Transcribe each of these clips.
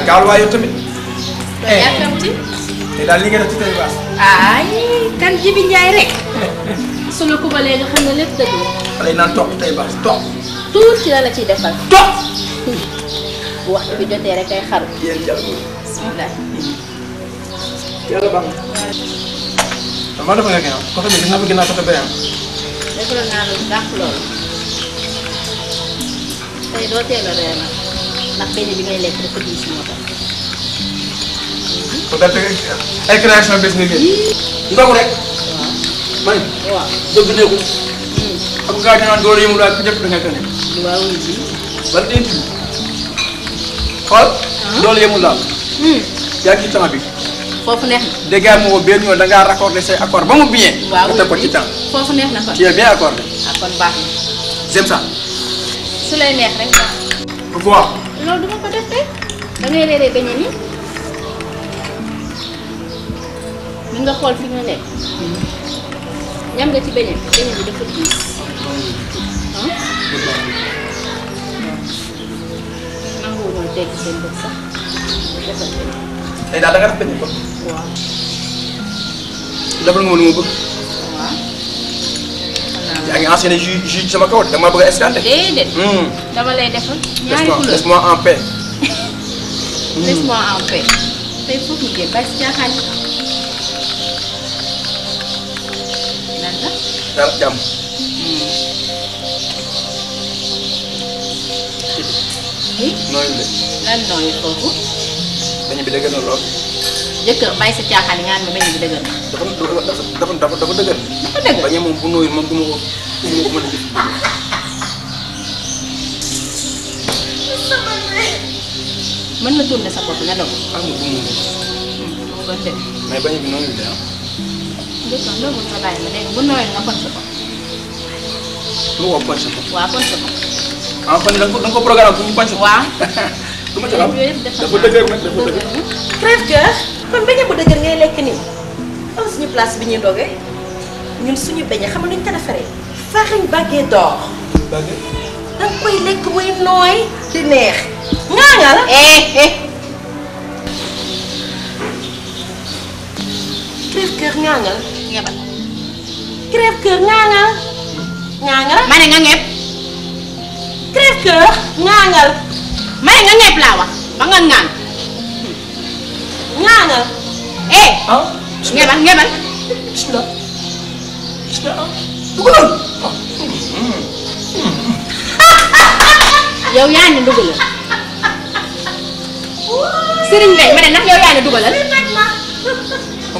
waaye gaawal waaye yow tamit. eh te eh, daal li nga def ci tey baax. kan Jibi Njaay rek. su la kubalee nga xam ne lépp dëgg la. xale yi naan topp tey baax tuur ci la la defal. topp. bu waxtu bi jotee rek ay xaru. yéen jàll ko. bismillah. yàlla baax na. damaa dafa nga ginnaaw côté bi gis naa fa ginnaaw côté beneen. defaloon naa la bu baax loolu. tey doo teel a reer ndax benn bi ngay lekk dafa diis moo rek. waaw man. waaw dëgg nekkul. xam nga ñu naan doole yëngu daal ku njëkk da nga gën a. waaw ji. bal dégg nga. xool. doole yaa ngi bi. foofu moo benn yoon da ngaa raccorder say accord ba mu bi waaw nga teg ko ci temps. foofu neex na kon. ah su lay neex pourquoi. loolu ko def tey da ngay beñe nii mën nga xool fi nga nekk ñam nga ci beñe beñe bi dafa diis nanguwu daal da def beñe ko. waaw. defal nga lu ma bëgg. yaa ngi enchaîné ju ju sama kaw da nga maa dama lay defal ñaari couleur laisse moi en paix. laisse moi en si caaxaan lan la. dara nooyu de. lan nooyu foofu. dañu bi dëgg na jëkkër bàyyi sa caaxaan yi nga xam ne bañ a bi dëgër. dafa dafa dafa dafa dëgër. dafa dëgër bañ a moom bu nooyul moom du ma ko du ma ko mën a gis. mën na tourner sa bopp nga doon. ah ma gën ma gën dëgg. mais bañ a bi nooyul de ah. jëkkër loolu nga bàyyi ma dégg bu nooyul nga ponse ko. lu woo ponse ko. waaw ponse ko. ah kon da nga ko da nga ko programme pour ñu ponse ko. waaw. du ma ci xam dafa dëgër nag dafa dëgër. crève cœur. kon beñe bu dëgër ngay lekk nii am suñu place bi ñuy doge ñun suñu beñe xam nga ñu ko nga koy lekk buy nooy di eh, eh. nga la crève cœur ngaa nga nga la laa wax ba nga ngaan ah. ngebal ngebal. bisimilah. bisimilah. dugalal. yow yaa ngi dugalal. Serigne Mbaye ma ne ndax yow yaa ngi dugalal.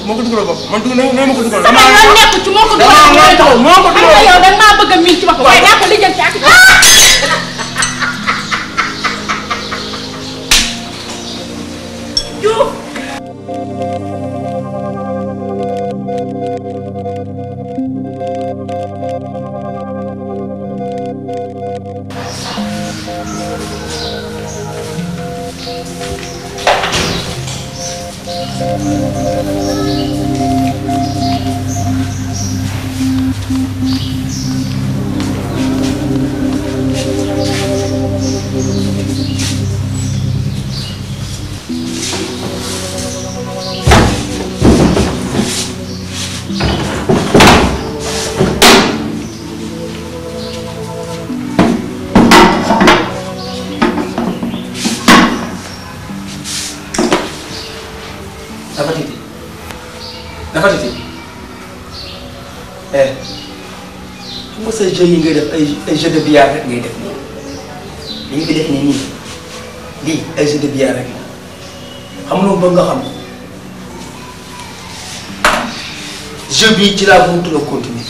moo ko dugalal bopp man dugal na ma ko dugalal. sama yoon nekk ci moo ko dugalal. moo ko dugalal yow da nga maa bëgg a miin ci boppam. waaye naa ko lijjanti ak. Thank you. dafa titi dafa titi eh xam nga sa jeu yi ngay def ay ay jeu de rek ngay def nii li nga def nii nii lii ay jeu de rek la xam nga bëgg nga xam jeu bii ci laa mënut a continuer.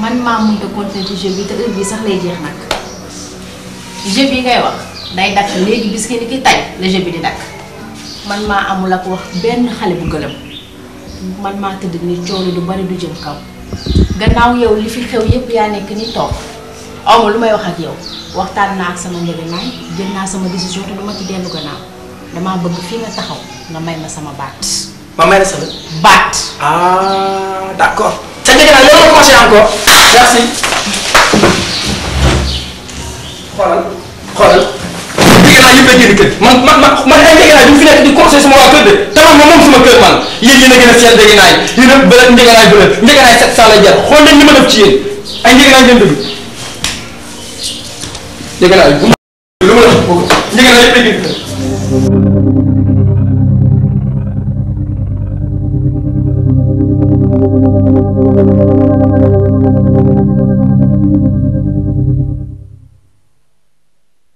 man maa mënut a continuer ci jeu bi te heure bi sax lay jeex nag jeu bi ngay wax day dakk léegi bis ki ni tay la jeu bi di dakk. man maa amul ak wax benn xale bu gëlëm man maa tëdd ni coono du bari du jëm kaw gannaaw yow li fi xew yépp yaa nekk ni toog awma lu may wax ak yow waxtaan naa ak sama njëgënaay jël naa sama décision te du ma ci dellu gannaaw damaa bëgg fii nga taxaw nga may ma sama baat. ba may la sama baat. ah d'accord. sa njëgënaay yow la commencé encore. merci. xoolal. biir kër ma man man ay njëgënaay bi mu fi nekk di conseil sama waa kër de tabax ma moom sama kër man yéen yéen a gën a seet njëgënaay yéen a bële njëgënaay bële njëgënaay sept ma def ci yéen ay njëgënaay ngeen dëgg njëgënaay bu ma lu ma def